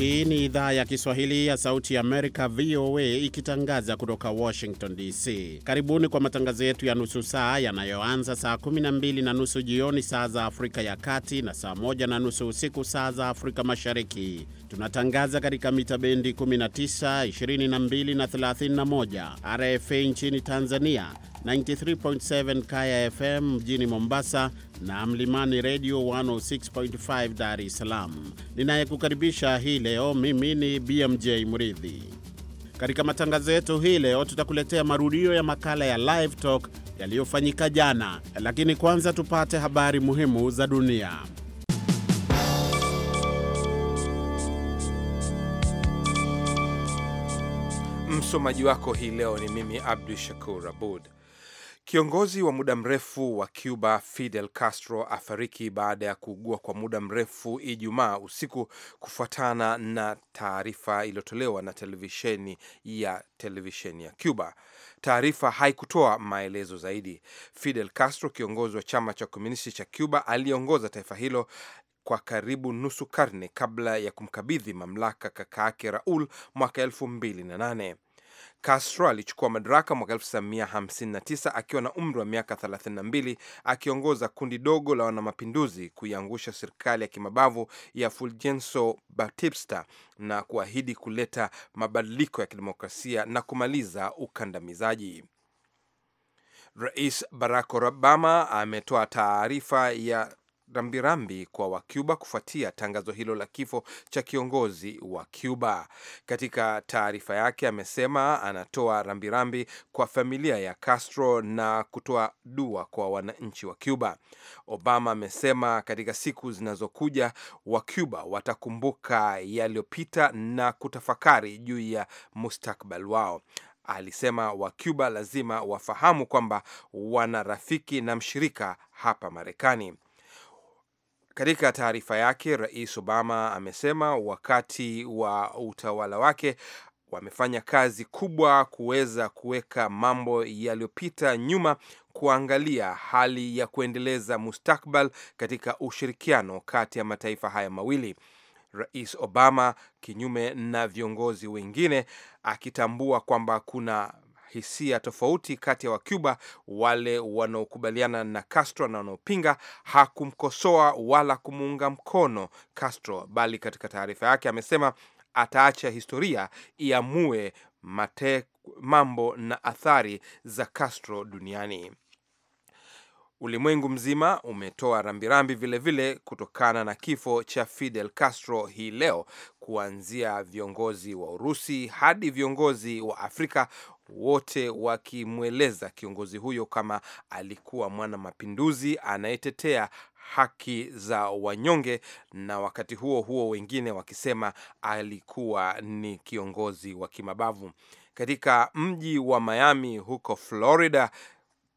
Hii ni idhaa ya Kiswahili ya Sauti ya Amerika, VOA, ikitangaza kutoka Washington DC. Karibuni kwa matangazo yetu ya nusu saa yanayoanza saa 12 na nusu jioni saa za Afrika ya Kati na saa 1 na nusu usiku saa za Afrika Mashariki. Tunatangaza katika mita bendi 19, 22 na 31, RFA nchini Tanzania 93.7 Kaya FM mjini Mombasa na Mlimani Radio 106.5 Dar es Salaam. Ninayekukaribisha hii leo mimi ni BMJ Muridhi. Katika matangazo yetu hii leo tutakuletea marudio ya makala ya Live Talk yaliyofanyika jana, lakini kwanza tupate habari muhimu za dunia. Msomaji wako hii leo ni mimi Abdu Shakur Abud. Kiongozi wa muda mrefu wa Cuba Fidel Castro afariki baada ya kuugua kwa muda mrefu Ijumaa usiku kufuatana na taarifa iliyotolewa na televisheni ya televisheni ya Cuba. Taarifa haikutoa maelezo zaidi. Fidel Castro, kiongozi wa chama cha komunisti cha Cuba, aliyeongoza taifa hilo kwa karibu nusu karne kabla ya kumkabidhi mamlaka kaka yake Raul mwaka elfu mbili na nane. Castro alichukua madaraka mwaka 1959 akiwa na umri wa miaka 32, akiongoza kundi dogo la wanamapinduzi kuiangusha serikali ya kimabavu ya Fulgencio Batista na kuahidi kuleta mabadiliko ya kidemokrasia na kumaliza ukandamizaji. Rais Barack Obama ametoa taarifa ya rambirambi kwa Wacuba kufuatia tangazo hilo la kifo cha kiongozi wa Cuba. Katika taarifa yake amesema anatoa rambirambi kwa familia ya Castro na kutoa dua kwa wananchi wa Cuba. Obama amesema katika siku zinazokuja Wacuba watakumbuka yaliyopita na kutafakari juu ya mustakbal wao. Alisema Wacuba lazima wafahamu kwamba wana rafiki na mshirika hapa Marekani. Katika taarifa yake, Rais Obama amesema wakati wa utawala wake wamefanya kazi kubwa kuweza kuweka mambo yaliyopita nyuma, kuangalia hali ya kuendeleza mustakbal katika ushirikiano kati ya mataifa haya mawili. Rais Obama, kinyume na viongozi wengine, akitambua kwamba kuna hisia tofauti kati ya Wacuba wale wanaokubaliana na Castro na wanaopinga. Hakumkosoa wala kumuunga mkono Castro, bali katika taarifa yake amesema ataacha historia iamue mate, mambo na athari za Castro duniani. Ulimwengu mzima umetoa rambirambi vilevile kutokana na kifo cha Fidel Castro hii leo, kuanzia viongozi wa Urusi hadi viongozi wa Afrika wote wakimweleza kiongozi huyo kama alikuwa mwana mapinduzi anayetetea haki za wanyonge, na wakati huo huo wengine wakisema alikuwa ni kiongozi wa kimabavu. Katika mji wa Miami huko Florida,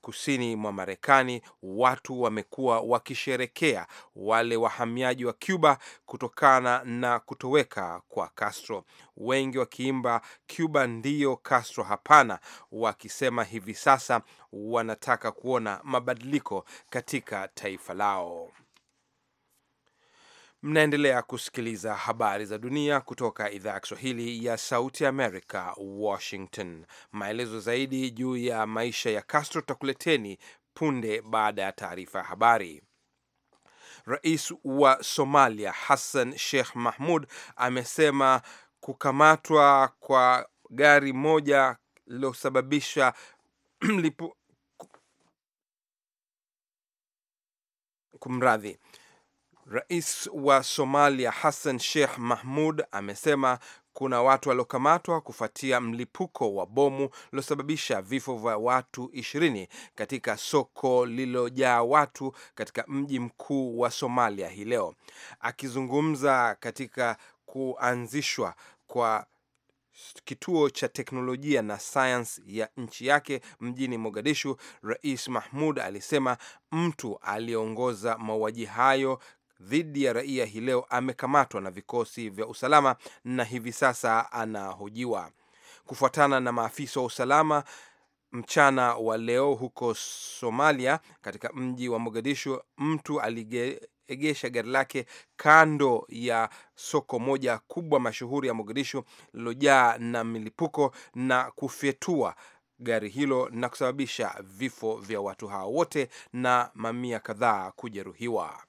kusini mwa Marekani watu wamekuwa wakisherekea wale wahamiaji wa Cuba kutokana na kutoweka kwa Castro, wengi wakiimba Cuba ndiyo, Castro hapana, wakisema hivi sasa wanataka kuona mabadiliko katika taifa lao. Mnaendelea kusikiliza habari za dunia kutoka idhaa ya Kiswahili ya sauti Amerika, Washington. Maelezo zaidi juu ya maisha ya Castro tutakuleteni punde baada ya taarifa ya habari. Rais wa Somalia Hassan Sheikh Mahmud amesema kukamatwa kwa gari moja lilosababisha mlipu... kumradhi Rais wa Somalia Hassan Sheikh Mahmud amesema kuna watu waliokamatwa kufuatia mlipuko wa bomu lilosababisha vifo vya watu ishirini katika soko lililojaa watu katika mji mkuu wa Somalia hii leo. Akizungumza katika kuanzishwa kwa kituo cha teknolojia na sayansi ya nchi yake mjini Mogadishu, Rais Mahmud alisema mtu aliyeongoza mauaji hayo dhidi ya raia hii leo amekamatwa na vikosi vya usalama na hivi sasa anahojiwa kufuatana na maafisa wa usalama. Mchana wa leo huko Somalia, katika mji wa Mogadishu, mtu aliegesha gari lake kando ya soko moja kubwa mashuhuri ya Mogadishu lililojaa na milipuko na kufyetua gari hilo na kusababisha vifo vya watu hao wote na mamia kadhaa kujeruhiwa.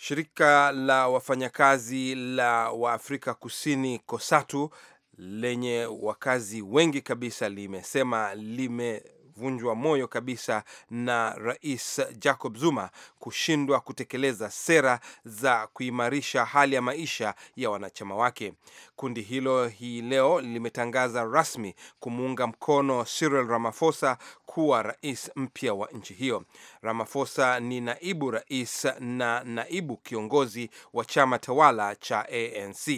Shirika la wafanyakazi la Waafrika Kusini KOSATU lenye wakazi wengi kabisa limesema lime amevunjwa moyo kabisa na Rais Jacob Zuma kushindwa kutekeleza sera za kuimarisha hali ya maisha ya wanachama wake. Kundi hilo hii leo limetangaza rasmi kumuunga mkono Cyril Ramaphosa kuwa rais mpya wa nchi hiyo. Ramaphosa ni naibu rais na naibu kiongozi wa chama tawala cha ANC.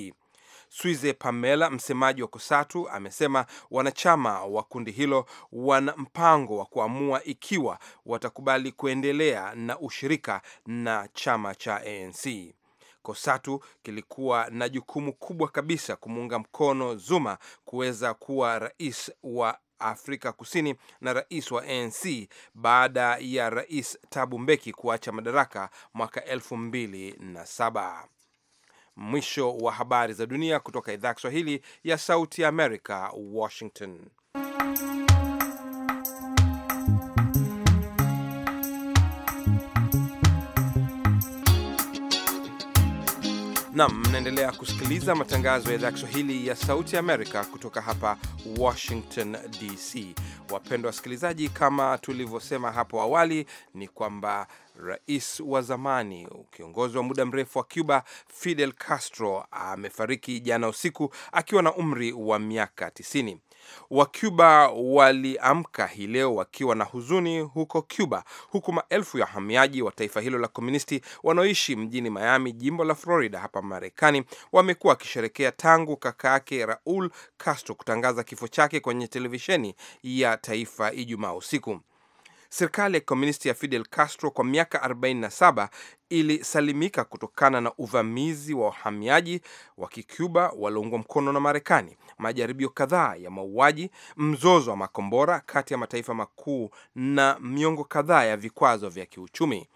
Swize Pamela, msemaji wa Kosatu, amesema wanachama wa kundi hilo wana mpango wa kuamua ikiwa watakubali kuendelea na ushirika na chama cha ANC. Kosatu kilikuwa na jukumu kubwa kabisa kumuunga mkono Zuma kuweza kuwa rais wa Afrika Kusini na rais wa ANC baada ya Rais Thabo Mbeki kuacha madaraka mwaka elfu mbili na saba. Mwisho wa habari za dunia kutoka idhaa ya Kiswahili ya Sauti ya Amerika, Washington. Nam, mnaendelea kusikiliza matangazo ya idhaa ya Kiswahili ya Sauti Amerika kutoka hapa Washington DC. Wapendwa wasikilizaji, kama tulivyosema hapo awali, ni kwamba rais wa zamani, kiongozi wa muda mrefu wa Cuba, Fidel Castro amefariki jana usiku akiwa na umri wa miaka 90. Wacuba waliamka hii leo wakiwa na huzuni huko Cuba, huku maelfu ya wahamiaji wa taifa hilo la komunisti wanaoishi mjini Miami, jimbo la Florida hapa Marekani, wamekuwa wakisherekea tangu kaka yake Raul Castro kutangaza kifo chake kwenye televisheni ya taifa Ijumaa usiku. Serikali ya komunisti ya Fidel Castro kwa miaka 47 ilisalimika kutokana na uvamizi wa wahamiaji wa kicuba walioungwa mkono na Marekani, majaribio kadhaa ya mauaji, mzozo wa makombora kati ya mataifa makuu na miongo kadhaa ya vikwazo vya kiuchumi.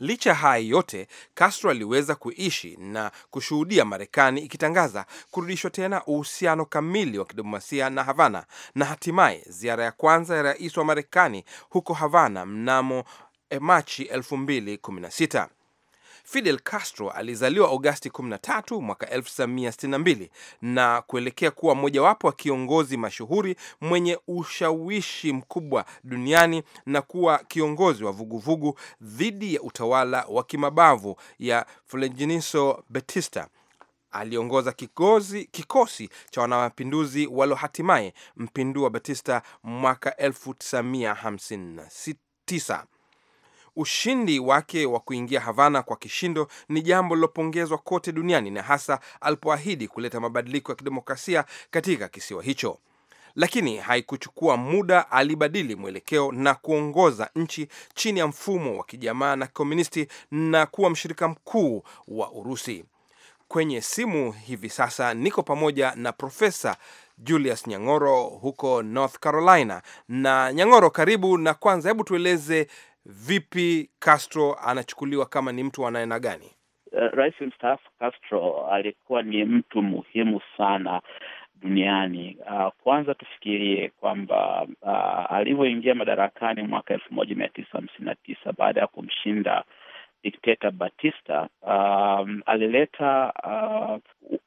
Licha ya haya yote, Castro aliweza kuishi na kushuhudia Marekani ikitangaza kurudishwa tena uhusiano kamili wa kidiplomasia na Havana, na hatimaye ziara ya kwanza ya rais wa Marekani huko Havana mnamo eh, Machi 2016. Fidel Castro alizaliwa Agosti 13 mwaka 1962 na kuelekea kuwa mmojawapo wa kiongozi mashuhuri mwenye ushawishi mkubwa duniani na kuwa kiongozi wa vuguvugu dhidi ya utawala wa kimabavu ya Fulgencio Batista. Aliongoza kikosi, kikosi cha wanamapinduzi walohatimaye mpindua Batista mwaka 1959. Ushindi wake wa kuingia Havana kwa kishindo ni jambo lilopongezwa kote duniani na hasa alipoahidi kuleta mabadiliko ya kidemokrasia katika kisiwa hicho. Lakini haikuchukua muda, alibadili mwelekeo na kuongoza nchi chini ya mfumo wa kijamaa na kikomunisti na kuwa mshirika mkuu wa Urusi. Kwenye simu hivi sasa niko pamoja na Profesa Julius Nyang'oro huko North Carolina. Na Nyang'oro, karibu. Na kwanza, hebu tueleze Vipi Castro anachukuliwa kama ni mtu wanaena gani? Uh, rais mstaafu Castro alikuwa ni mtu muhimu sana duniani. Uh, kwanza tufikirie kwamba uh, alivyoingia madarakani mwaka elfu moja mia tisa hamsini na tisa baada ya kumshinda dikteta Batista, um, alileta uh,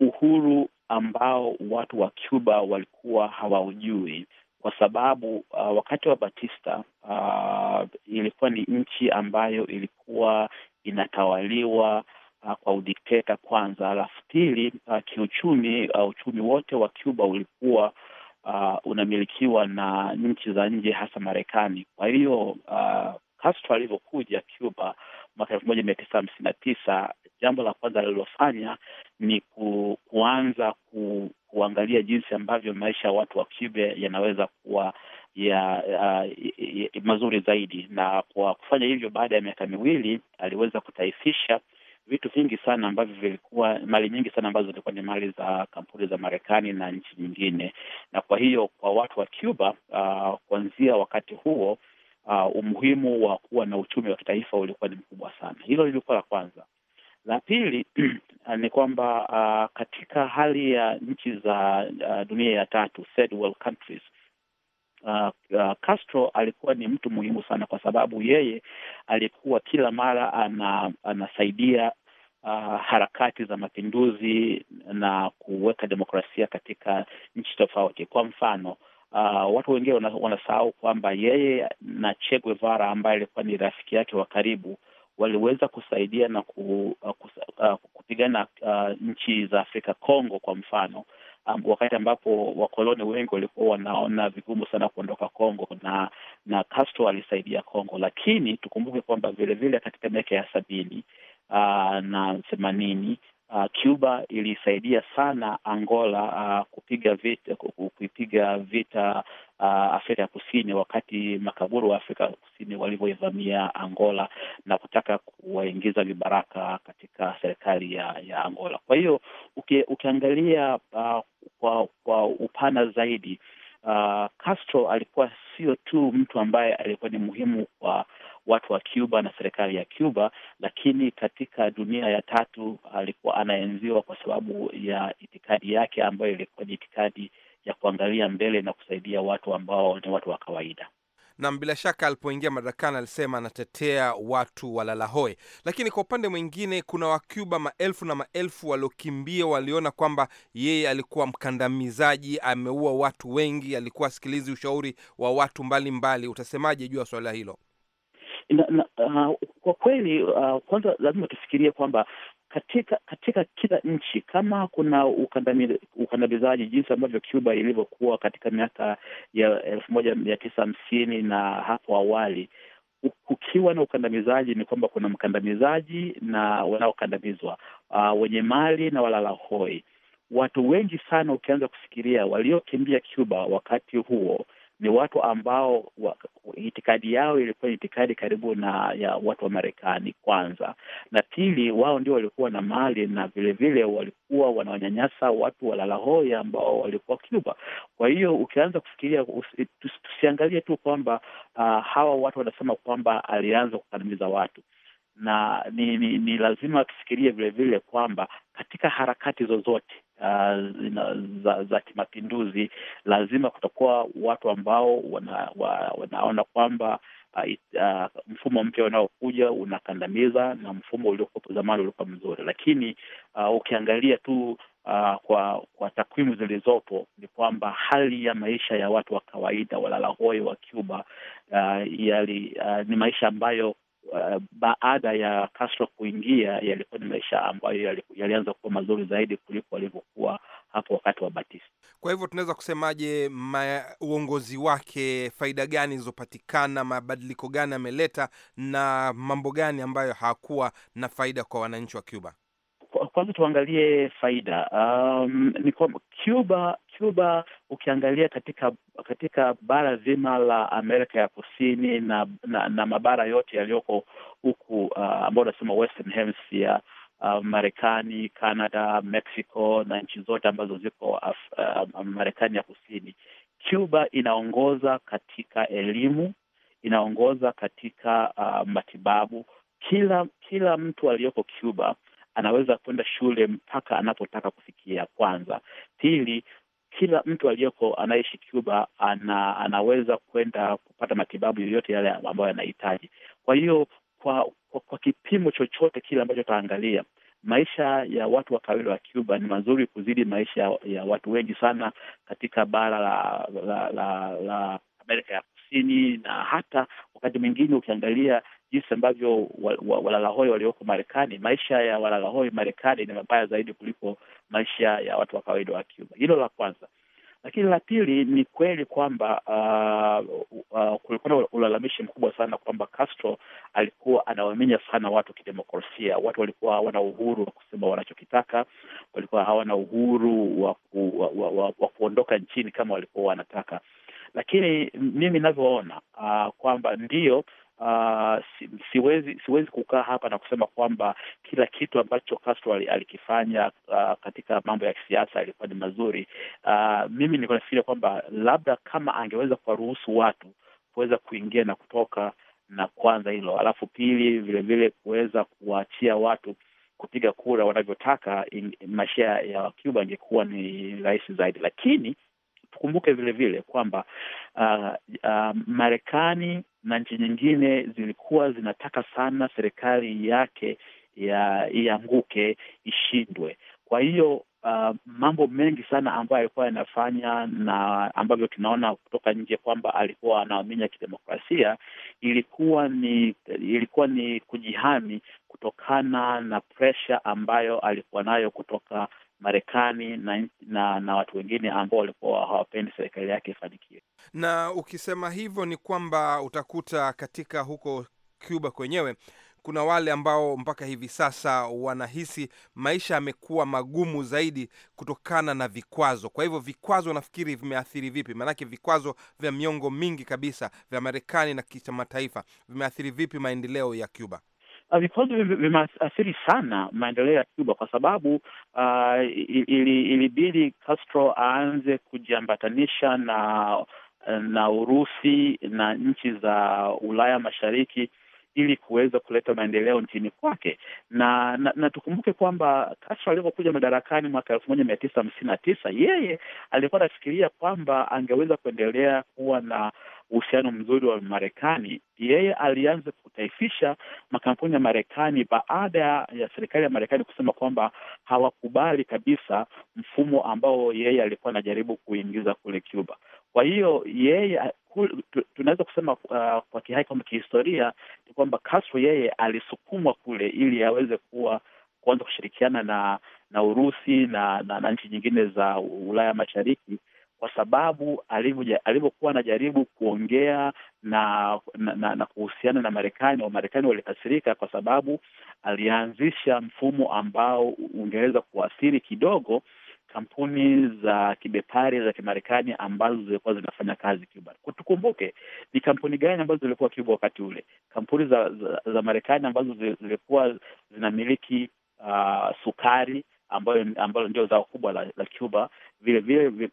uhuru ambao watu wa Cuba walikuwa hawaujui kwa sababu uh, wakati wa Batista ilikuwa ni nchi ambayo ilikuwa inatawaliwa uh, kwa udikteta kwanza, alafu pili, uh, kiuchumi uh, uchumi wote wa Cuba ulikuwa uh, unamilikiwa na nchi za nje hasa Marekani. Kwa hiyo uh, Castro alivyokuja Cuba mwaka elfu moja mia tisa hamsini na tisa jambo la kwanza alilofanya ni ku, kuanza ku, kuangalia jinsi ambavyo maisha ya watu wa Cuba yanaweza kuwa ya, ya uh, mazuri zaidi. Na kwa kufanya hivyo, baada ya miaka miwili aliweza kutaifisha vitu vingi sana ambavyo vilikuwa mali nyingi sana ambazo zilikuwa ni mali za kampuni za Marekani na nchi nyingine. Na kwa hiyo kwa watu wa Cuba uh, kuanzia wakati huo uh, umuhimu wa kuwa na uchumi wa kitaifa ulikuwa ni mkubwa sana. Hilo lilikuwa la kwanza. La pili ni kwamba uh, katika hali ya nchi za uh, dunia ya tatu third world countries Uh, uh, Castro alikuwa ni mtu muhimu sana kwa sababu yeye alikuwa kila mara ana, anasaidia uh, harakati za mapinduzi na kuweka demokrasia katika nchi tofauti. Kwa mfano uh, watu wengine wanasahau kwamba yeye na Che Guevara ambaye alikuwa ni rafiki yake wa karibu waliweza kusaidia na ku, uh, kus, uh, kupigana uh, nchi za Afrika, Congo kwa mfano um, wakati ambapo wakoloni wengi walikuwa wanaona vigumu sana kuondoka Congo na na Castro alisaidia Congo, lakini tukumbuke kwamba vilevile katika miaka ya sabini uh, na themanini uh, Cuba ilisaidia sana Angola uh, kupiga vita, kuipiga vita uh, Afrika ya Kusini wakati makaburu wa Afrika ya Kusini walivyoivamia Angola na kutaka kuwaingiza vibaraka katika serikali ya, ya Angola. Kwa hiyo uki, ukiangalia uh, kwa, kwa upana zaidi uh, Castro alikuwa sio tu mtu ambaye alikuwa ni muhimu kwa watu wa Cuba na serikali ya Cuba, lakini katika dunia ya tatu alikuwa anaenziwa kwa sababu ya itikadi yake ambayo ilikuwa ni itikadi ya kuangalia mbele na kusaidia watu ambao ni watu wa kawaida. Nam, bila shaka alipoingia madarakani alisema anatetea watu wa Lalahoe, lakini kwa upande mwingine kuna Wacuba maelfu na maelfu waliokimbia, waliona kwamba yeye alikuwa mkandamizaji, ameua watu wengi, alikuwa asikilizi ushauri wa watu mbalimbali Utasemaje juu ya swala hilo? na, na, uh, kwa kweli uh, kwanza lazima tufikirie kwamba katika katika kila nchi kama kuna ukandamizaji jinsi ambavyo Cuba ilivyokuwa katika miaka ya elfu moja mia tisa hamsini na hapo awali, kukiwa na ukandamizaji ni kwamba kuna mkandamizaji na wanaokandamizwa, uh, wenye mali na walala hoi. Watu wengi sana, ukianza kufikiria waliokimbia Cuba wakati huo ni watu ambao wa, itikadi yao ilikuwa itikadi karibu na ya watu wa Marekani kwanza, na pili, wao ndio walikuwa na mali na vilevile walikuwa wanawanyanyasa watu Lalahoya ambao walikuwa Cuba. Kwa hiyo ukianza kufikiria tusiangalie tu kwamba uh, hawa watu wanasema kwamba alianza kukandamiza watu na ni, ni, ni lazima tufikirie vilevile kwamba katika harakati zozote uh, za, za kimapinduzi lazima kutakuwa watu ambao wana, wa, wanaona kwamba uh, uh, mfumo mpya unaokuja unakandamiza na mfumo uliokuwepo zamani uliokuwa mzuri, lakini uh, ukiangalia tu Uh, kwa kwa takwimu zilizopo ni kwamba hali ya maisha ya watu wa kawaida walalahoi wa Cuba uh, yali, uh, ni maisha ambayo Eh, baada ya Castro kuingia yalikuwa ni maisha ambayo yalianza kuwa mazuri zaidi kuliko walivyokuwa hapo wakati wa Batista. Kwa hivyo tunaweza kusemaje, uongozi wake, faida gani ilizopatikana mabadiliko gani ameleta, na mambo gani ambayo hakuwa na faida kwa wananchi wa Cuba? Kwanza tuangalie faida. Um, ni kwamba Cuba Cuba ukiangalia katika katika bara zima la Amerika ya Kusini na na, na mabara yote yaliyoko huku uh, ambao unasema Western Hemisphere uh, Marekani, Canada, Mexico na nchi zote ambazo ziko uh, Marekani ya Kusini, Cuba inaongoza katika elimu, inaongoza katika uh, matibabu. Kila kila mtu aliyoko Cuba anaweza kwenda shule mpaka anapotaka kufikia. Kwanza. Pili, kila mtu aliyeko anayeishi Cuba ana, anaweza kwenda kupata matibabu yoyote yale ambayo anahitaji. Kwa hiyo kwa, kwa, kwa kipimo chochote kile ambacho taangalia maisha ya watu wa kawaida wa Cuba ni mazuri kuzidi maisha ya watu wengi sana katika bara la, la, la, la Amerika ya Kusini, na hata wakati mwingine ukiangalia jinsi ambavyo walalahoi walioko Marekani, maisha ya walalahoi Marekani ni mabaya zaidi kuliko maisha ya watu wa kawaida wa Cuba. Hilo la kwanza. Lakini la pili ni kweli kwamba uh, uh, kulikuwa na ulalamishi mkubwa sana kwamba Castro alikuwa anawaminya sana watu kidemokrasia. Watu walikuwa hawana uhuru wa kusema wanachokitaka, walikuwa hawana uhuru wa, ku, wa, wa, wa, wa kuondoka nchini kama walikuwa wanataka. Lakini mimi ninavyoona uh, kwamba ndio uh, si, siwezi siwezi kukaa hapa na kusema kwamba kila kitu ambacho Castro alikifanya uh, katika mambo ya kisiasa ilikuwa ni mazuri. Uh, mimi nilikuwa nafikiria kwamba labda kama angeweza kuwaruhusu watu kuweza kuingia na kutoka, na kwanza hilo, alafu pili vilevile kuweza kuwaachia watu kupiga kura wanavyotaka, maisha ya Cuba ingekuwa ni rahisi zaidi, lakini tukumbuke vile vile kwamba uh, uh, Marekani na nchi nyingine zilikuwa zinataka sana serikali yake ya ianguke, ishindwe. Kwa hiyo uh, mambo mengi sana ambayo alikuwa yanafanya na ambavyo tunaona kutoka nje kwamba alikuwa anaaminya kidemokrasia, ilikuwa ni ilikuwa ni kujihami kutokana na presha ambayo alikuwa nayo kutoka Marekani na, na na watu wengine ambao walikuwa hawapendi serikali yake ifanikiwe. Na ukisema hivyo ni kwamba utakuta katika huko Cuba kwenyewe kuna wale ambao mpaka hivi sasa wanahisi maisha yamekuwa magumu zaidi kutokana na vikwazo. Kwa hivyo vikwazo, nafikiri vimeathiri vipi? Maanake vikwazo vya miongo mingi kabisa vya Marekani na kimataifa vimeathiri vipi maendeleo ya Cuba? vikwazo ah, vimeathiri sana maendeleo ya Cuba kwa sababu uh, ilibidi Castro aanze kujiambatanisha na na Urusi na nchi za Ulaya Mashariki ili kuweza kuleta maendeleo nchini kwake na, na, na tukumbuke kwamba Castro alivyokuja madarakani mwaka elfu moja mia tisa hamsini na tisa yeye alikuwa anafikiria kwamba angeweza kuendelea kuwa na uhusiano mzuri wa Marekani. Yeye alianza kutaifisha makampuni ya Marekani baada ya serikali ya Marekani kusema kwamba hawakubali kabisa mfumo ambao yeye alikuwa anajaribu kuingiza kule Cuba. Kwa hiyo yeye tunaweza kusema uh, kwa kihai kwamba kihistoria ni kwamba Castro yeye alisukumwa kule ili aweze kuwa kuanza kushirikiana na na Urusi na, na, na nchi nyingine za Ulaya Mashariki kwa sababu alivyokuwa anajaribu kuongea na na, na, na kuhusiana na Marekani, Wamarekani walikasirika kwa sababu alianzisha mfumo ambao ungeweza kuathiri kidogo kampuni za kibepari za Kimarekani ambazo zilikuwa zinafanya kazi Cuba. Tukumbuke ni kampuni gani ambazo zilikuwa Cuba wakati ule, kampuni za za, za Marekani ambazo zilikuwa zinamiliki uh, sukari ambayo ambalo ndio zao kubwa la, la Cuba. Vile vile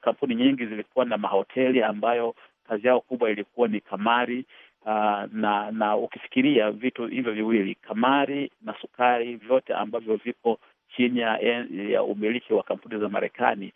kampuni nyingi zilikuwa na mahoteli ambayo kazi yao kubwa ilikuwa ni kamari. Uh, na na ukifikiria vitu hivyo viwili kamari na sukari, vyote ambavyo viko chini ya, ya umiliki wa kampuni za Marekani,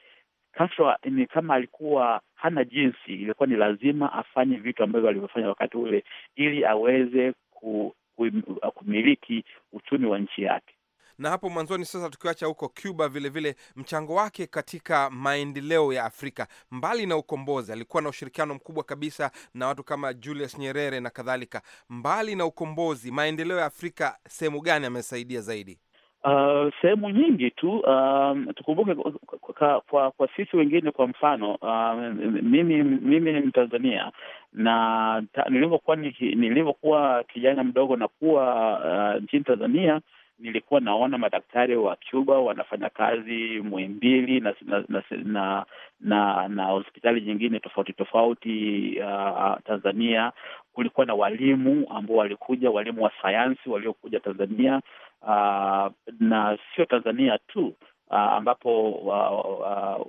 Castro ni kama alikuwa hana jinsi, ilikuwa ni lazima afanye vitu ambavyo alivyofanya wakati ule ili aweze ku, ku, kumiliki uchumi wa nchi yake. Na hapo mwanzoni, sasa tukiacha huko Cuba, vilevile vile mchango wake katika maendeleo ya Afrika mbali na ukombozi, alikuwa na ushirikiano mkubwa kabisa na watu kama Julius Nyerere na kadhalika. Mbali na ukombozi, maendeleo ya Afrika sehemu gani amesaidia zaidi? Uh, sehemu nyingi tu. Uh, tukumbuke kwa, kwa, kwa sisi wengine, kwa mfano uh, mimi mimi ni Mtanzania na nilivyokuwa nilivyokuwa kijana mdogo na kuwa uh, nchini uh, Tanzania nilikuwa naona madaktari wa Cuba wanafanya kazi Muhimbili na na na, na, na, na hospitali nyingine tofauti tofauti uh, uh Tanzania. Kulikuwa na walimu ambao walikuja, walimu wa sayansi waliokuja Tanzania uh, na sio Tanzania tu Uh, ambapo uh,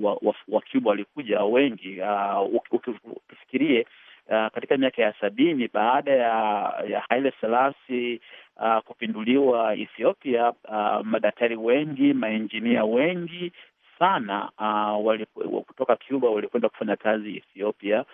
uh, Wacuba walikuja wengi. Ukifikirie uh, katika miaka ya sabini baada ya, ya Haile Selassie uh, kupinduliwa Ethiopia, uh, madaktari wengi, maenjinia wengi sana uh, wali, kutoka Cuba walikwenda kufanya kazi Ethiopia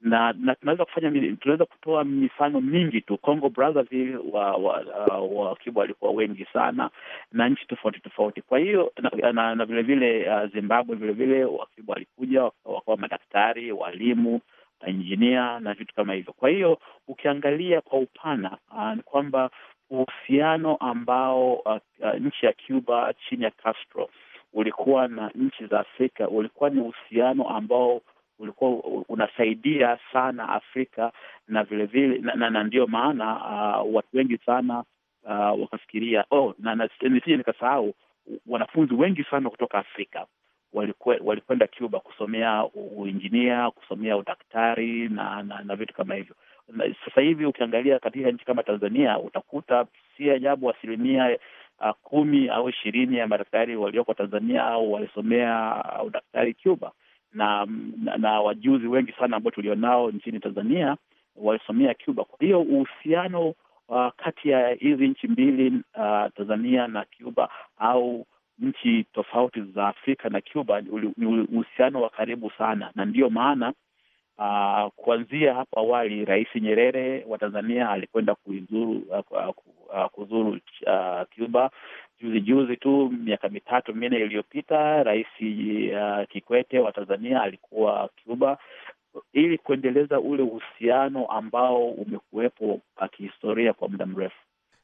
na na tunaweza kufanya tunaweza kutoa mifano mingi tu. Congo Brazzaville wa wa, uh, wa Cuba walikuwa wengi sana na nchi tofauti tofauti. Kwa hiyo na, na, na uh, Zimbabwe vilevile vile wa Cuba walikuja wakawa madaktari, walimu injinia na vitu kama hivyo. Kwa hiyo ukiangalia kwa upana ah, ni kwamba uhusiano ambao uh, uh, nchi ya Cuba chini ya Castro ulikuwa na nchi za Afrika ulikuwa ni uhusiano ambao ulikuwa unasaidia sana Afrika na vilevile na, na, na ndiyo maana uh, watu wengi sana uh, wakafikiria oh, na nisije nikasahau wanafunzi wengi sana kutoka Afrika walikwenda Cuba kusomea uinjinia, kusomea udaktari na na, na vitu kama hivyo. Sasa hivi ukiangalia katika nchi kama Tanzania utakuta si ajabu asilimia uh, kumi au ishirini ya madaktari walioko Tanzania au walisomea udaktari Cuba na, na, na wajuzi wengi sana ambao tulionao nchini Tanzania walisomea Cuba. Kwa hiyo uhusiano uh, kati ya hizi nchi mbili uh, Tanzania na Cuba au nchi tofauti za Afrika na Cuba ni uhusiano wa karibu sana, na ndiyo maana uh, kuanzia hapo awali Rais Nyerere wa Tanzania alikwenda kuzuru, uh, uh, kuzuru uh, Cuba juzi juzi tu, miaka mitatu minne iliyopita, Rais uh, Kikwete wa Tanzania alikuwa Cuba ili kuendeleza ule uhusiano ambao umekuwepo kihistoria kwa muda mrefu.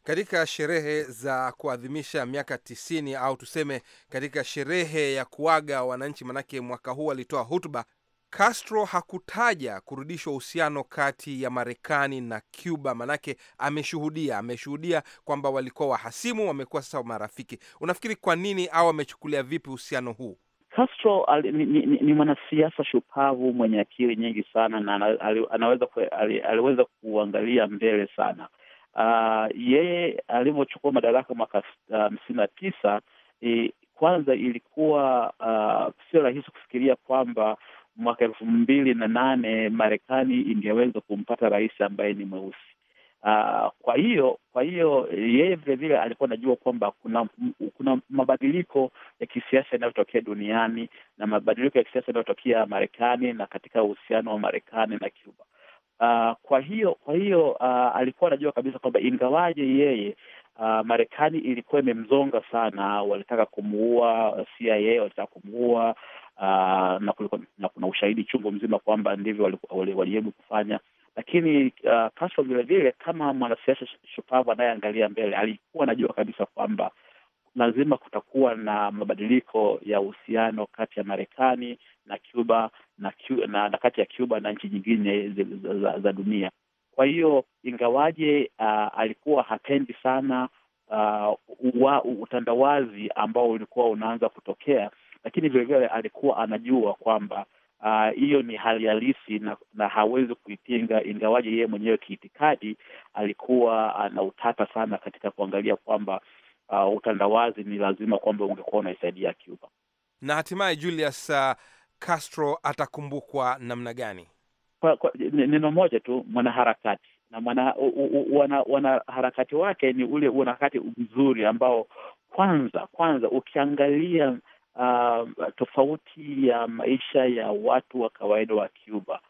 Katika sherehe za kuadhimisha miaka tisini au tuseme katika sherehe ya kuaga wananchi, manake mwaka huu alitoa hutuba, Castro hakutaja kurudishwa uhusiano kati ya Marekani na Cuba, manake ameshuhudia ameshuhudia kwamba walikuwa wahasimu, wamekuwa sasa marafiki. Unafikiri kwa nini au amechukulia vipi uhusiano huu? Castro ali, ni, ni, ni mwanasiasa shupavu mwenye akili nyingi sana na ali, anaweza ali, aliweza kuangalia mbele sana uh, ah, yeye alivyochukua madaraka mwaka hamsini uh, na tisa e, kwanza ilikuwa uh, sio rahisi kufikiria kwamba mwaka elfu mbili na nane Marekani ingeweza kumpata rais ambaye ni mweusi. Uh, kwa hiyo kwa hiyo yeye vilevile alikuwa anajua kwamba kuna kuna mabadiliko ya kisiasa yanayotokea duniani na mabadiliko ya kisiasa yanayotokea Marekani na katika uhusiano wa Marekani na Cuba. Uh, kwa hiyo kwa hiyo uh, alikuwa anajua kabisa kwamba ingawaje yeye uh, Marekani ilikuwa imemzonga sana, walitaka kumuua CIA, walitaka kumuua uh, na kulikuwa na kuna ushahidi chungu mzima kwamba ndivyo walijaribu kufanya, lakini uh, Castro vilevile kama mwanasiasa shupavu anayeangalia mbele alikuwa anajua kabisa kwamba lazima kutakuwa na mabadiliko ya uhusiano kati ya Marekani na Cuba na, na, na kati ya Cuba na nchi nyingine za, za, za dunia. Kwa hiyo ingawaje uh, alikuwa hapendi sana uh, utandawazi ambao ulikuwa unaanza kutokea, lakini vilevile alikuwa anajua kwamba uh, hiyo uh, ni hali halisi na, na hawezi kuipinga, ingawaje yeye mwenyewe kiitikadi alikuwa ana utata sana katika kuangalia kwamba uh, utandawazi ni lazima kwamba ungekuwa unaisaidia Cuba. Na hatimaye Julius uh, Castro atakumbukwa namna gani? Kwa, kwa, neno moja tu, mwanaharakati na mwana, wanaharakati wake ni ule wanaharakati mzuri ambao kwanza kwanza ukiangalia uh, tofauti ya maisha ya watu wa kawaida wa Cuba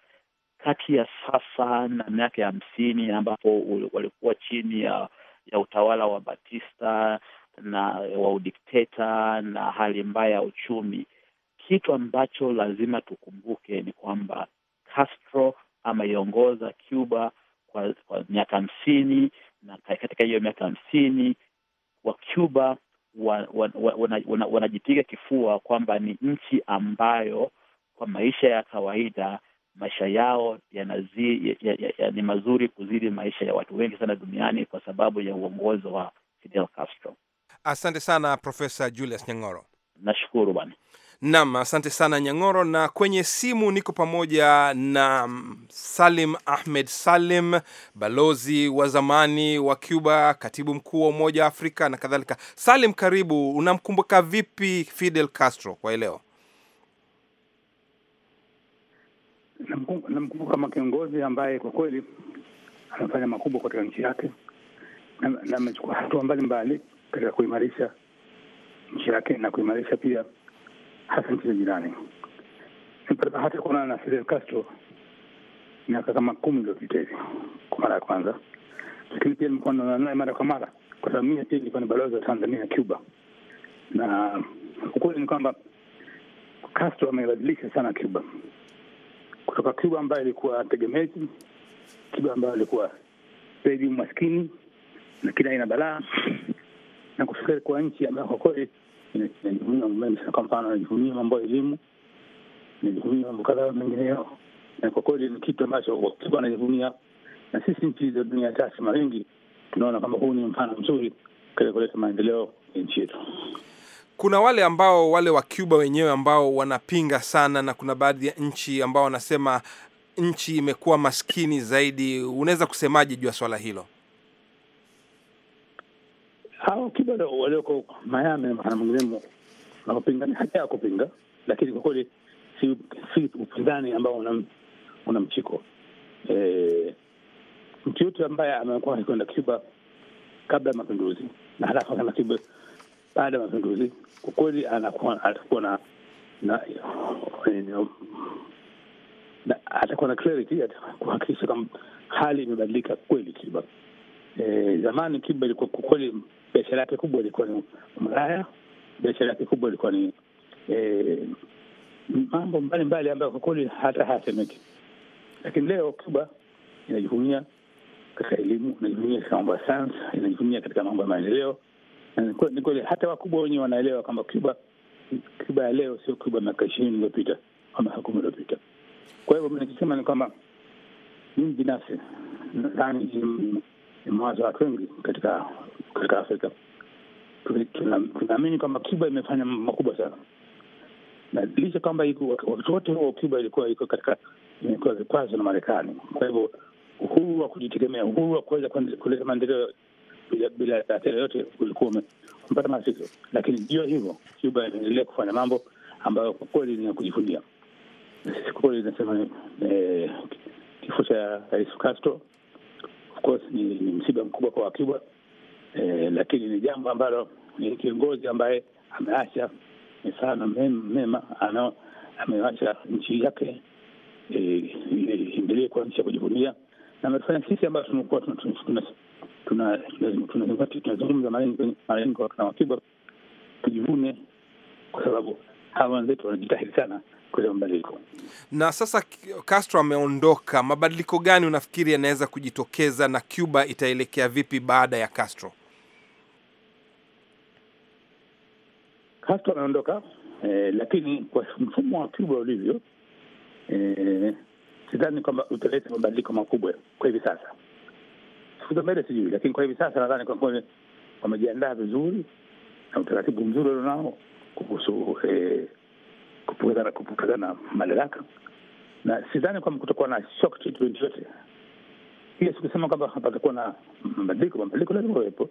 kati ya sasa na miaka ya hamsini ambapo walikuwa chini ya ya utawala wa Batista na wa udikteta na hali mbaya ya uchumi. Kitu ambacho lazima tukumbuke ni kwamba Castro ameiongoza Cuba kwa, kwa miaka hamsini na katika hiyo miaka hamsini wa Cuba wanajipiga wa, wa, wa kifua kwamba ni nchi ambayo kwa maisha ya kawaida maisha yao yanazi, ya, ya, ya, ni mazuri kuzidi maisha ya watu wengi sana duniani kwa sababu ya uongozi wa Fidel Castro. Asante sana Profesa Julius Nyang'oro. Nashukuru bwana. Naam, asante sana Nyang'oro. Na kwenye simu niko pamoja na Salim Ahmed Salim, balozi wa zamani wa Cuba, katibu mkuu wa Umoja wa Afrika na kadhalika. Salim, karibu. Unamkumbuka vipi Fidel Castro kwa leo? namkumbuka kama kiongozi ambaye kwa kweli amefanya makubwa katika nchi yake na amechukua hatua mbalimbali katika kuimarisha nchi yake na kuimarisha pia hasa nchi za jirani. hata kuonana na Fidel Castro miaka kama kumi iliyopita hivi kwa mara ya kwanza, lakini pia nimekuwa naonana naye mara kwa mara, kwa sababu mie pia nilikuwa ni balozi wa Tanzania Cuba, na ukweli ni kwamba Castro amebadilisha sana Cuba kutoka Cuba ambayo ilikuwa tegemezi, Cuba ambayo ilikuwa zaidi umaskini na kila aina balaa, na kufikiri kwa nchi ambayo kwa kweli inajivunia mambo mengi sana. Kwa mfano, inajivunia mambo ya elimu, inajivunia mambo kadhaa mengineyo, na kwa kweli ni kitu ambacho Cuba anajivunia, na sisi nchi za dunia tatu mara nyingi tunaona kwamba huu ni mfano mzuri katika kuleta maendeleo ya nchi yetu kuna wale ambao wale wa Cuba wenyewe ambao wanapinga sana, na kuna baadhi ya nchi ambao wanasema nchi imekuwa maskini zaidi. Unaweza kusemaje juu ya swala hilo? Hao Cuba walioko Miami na mwingine wanapinga, ni haki ya kupinga, lakini kwa kweli si, si upinzani ambao una, una mchiko eh, mtu yote ambaye amekuwa akikwenda Cuba kabla ya mapinduzi na halafu kama Cuba baada ya mapinduzi, kwa kweli anakuwa atakuwa na na eh, atakuwa na clarity kuhakikisha kwamba hali imebadilika kweli Kiba. E, zamani Kiba ilikuwa kwa kweli biashara yake kubwa ilikuwa ni Ulaya, biashara yake kubwa ilikuwa ni e, mambo mbalimbali ambayo kwa kweli hata hayasemeki, lakini leo Cuba inajivunia katika elimu, inajivunia katika mambo ya sayansi, inajivunia katika mambo ya maendeleo ni kweli, hata wakubwa wenyewe wanaelewa kwamba Cuba Cuba ya leo sio Cuba miaka ishirini iliyopita ama kumi iliyopita. Kwa hivyo nikisema ni kwamba mimi binafsi nadhani ni mawazo watu wengi katika katika Afrika tunaamini kwamba Cuba imefanya makubwa sana, na licha kwamba wakati wote huo Cuba ilikuwa iko katika imekuwa vikwazo na Marekani. Kwa hivyo uhuru wa kujitegemea, uhuru wa kuweza kuleta maendeleo bila bila taasira yote ulikuwa umepata matatizo. Lakini ndio hivyo, Cuba inaendelea kufanya mambo ambayo kwa kweli ni ya kujivunia. Kwa kweli inasema eh, kifo cha Rais Castro of course ni, ni msiba mkubwa kwa Wacuba eh, lakini ni jambo ambalo ni kiongozi ambaye ameacha mifano mema ana ameacha nchi yake eh, iendelee kuwa nchi ya kujivunia na amefanya sisi ambayo tunakuwa tunazungumza mara nyingi tunawapigwa, tujivune kwa sababu hawa wenzetu wanajitahidi sana kuleta mabadiliko. Na sasa Castro ameondoka, mabadiliko gani unafikiri yanaweza kujitokeza na Cuba itaelekea vipi baada ya Castro? Castro ameondoka eh, lakini kwa mfumo wa Cuba ulivyo, eh, sidhani kwamba utaleta mabadiliko makubwa kwa hivi sasa siku za mbele sijui, lakini kwa hivi sasa nadhani kwa kweli wamejiandaa vizuri na utaratibu mzuri walionao kuhusu eh, kupukazana madaraka, na sidhani kwamba kutakuwa na shock treatment yote. Hiyo sikusema kwamba hapatakuwa na mabadiliko. Mabadiliko lazima yawepo,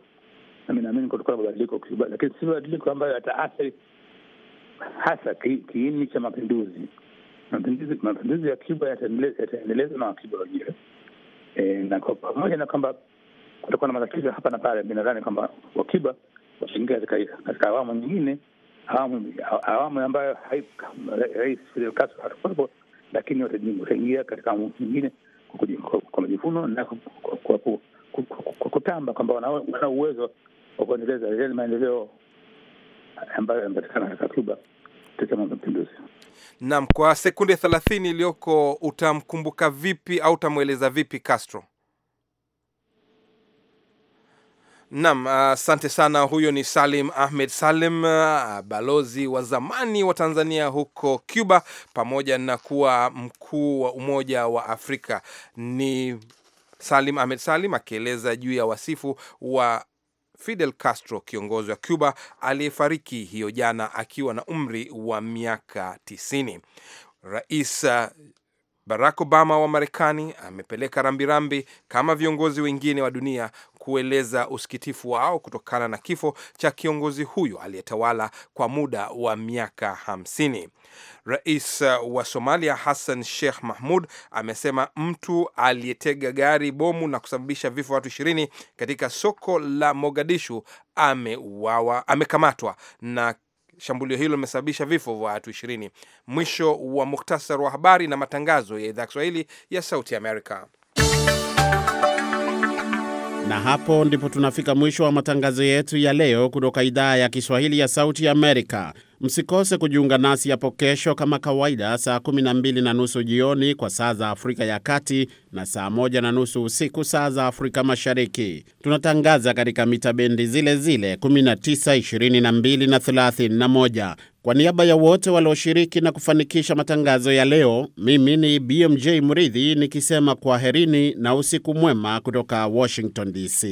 nami naamini kutakuwa na mabadiliko, lakini si mabadiliko ambayo yataathiri hasa kiini cha mapinduzi. Mapinduzi ya Cuba yataendelezwa na Wacuba wenyewe e, na kwa pamoja na kwamba kutakuwa na matatizo hapa na pale, binadhani kwamba Wakiba wataingia katika awamu nyingine, awamu ambayo Rais Fidel Castro hatakuwepo, lakini wataingia katika awamu nyingine kwa majivuno na kwa kutamba kwamba wana uwezo wa kuendeleza yale maendeleo ambayo yanapatikana katika Cuba katika mapinduzi. Naam, kwa sekunde 30 iliyoko, utamkumbuka vipi au utamweleza vipi Castro? Naam, asante uh, sana. Huyo ni Salim Ahmed Salim, uh, balozi wa zamani wa Tanzania huko Cuba, pamoja na kuwa mkuu wa Umoja wa Afrika. Ni Salim Ahmed Salim akieleza juu ya wasifu wa Fidel Castro, kiongozi wa Cuba aliyefariki hiyo jana akiwa na umri wa miaka tisini. Rais uh, Barack Obama wa Marekani amepeleka rambirambi kama viongozi wengine wa dunia kueleza usikitifu wao kutokana na kifo cha kiongozi huyo aliyetawala kwa muda wa miaka hamsini. Rais wa Somalia Hassan Sheikh Mahmud amesema mtu aliyetega gari bomu na kusababisha vifo watu ishirini katika soko la Mogadishu ameuawa, amekamatwa na shambulio hilo limesababisha vifo vya watu ishirini. Mwisho wa muktasar wa habari na matangazo ya idhaa ya Kiswahili ya Sauti Amerika. Na hapo ndipo tunafika mwisho wa matangazo yetu ya leo kutoka idhaa ya Kiswahili ya Sauti Amerika. Msikose kujiunga nasi hapo kesho kama kawaida, saa 12 na nusu jioni kwa saa za Afrika ya Kati na saa 1 na nusu usiku saa za Afrika Mashariki. Tunatangaza katika mita bendi zile zile 19, 22 na 31. Kwa niaba ya wote walioshiriki na kufanikisha matangazo ya leo, mimi ni BMJ Mridhi nikisema kwaherini na usiku mwema kutoka Washington DC.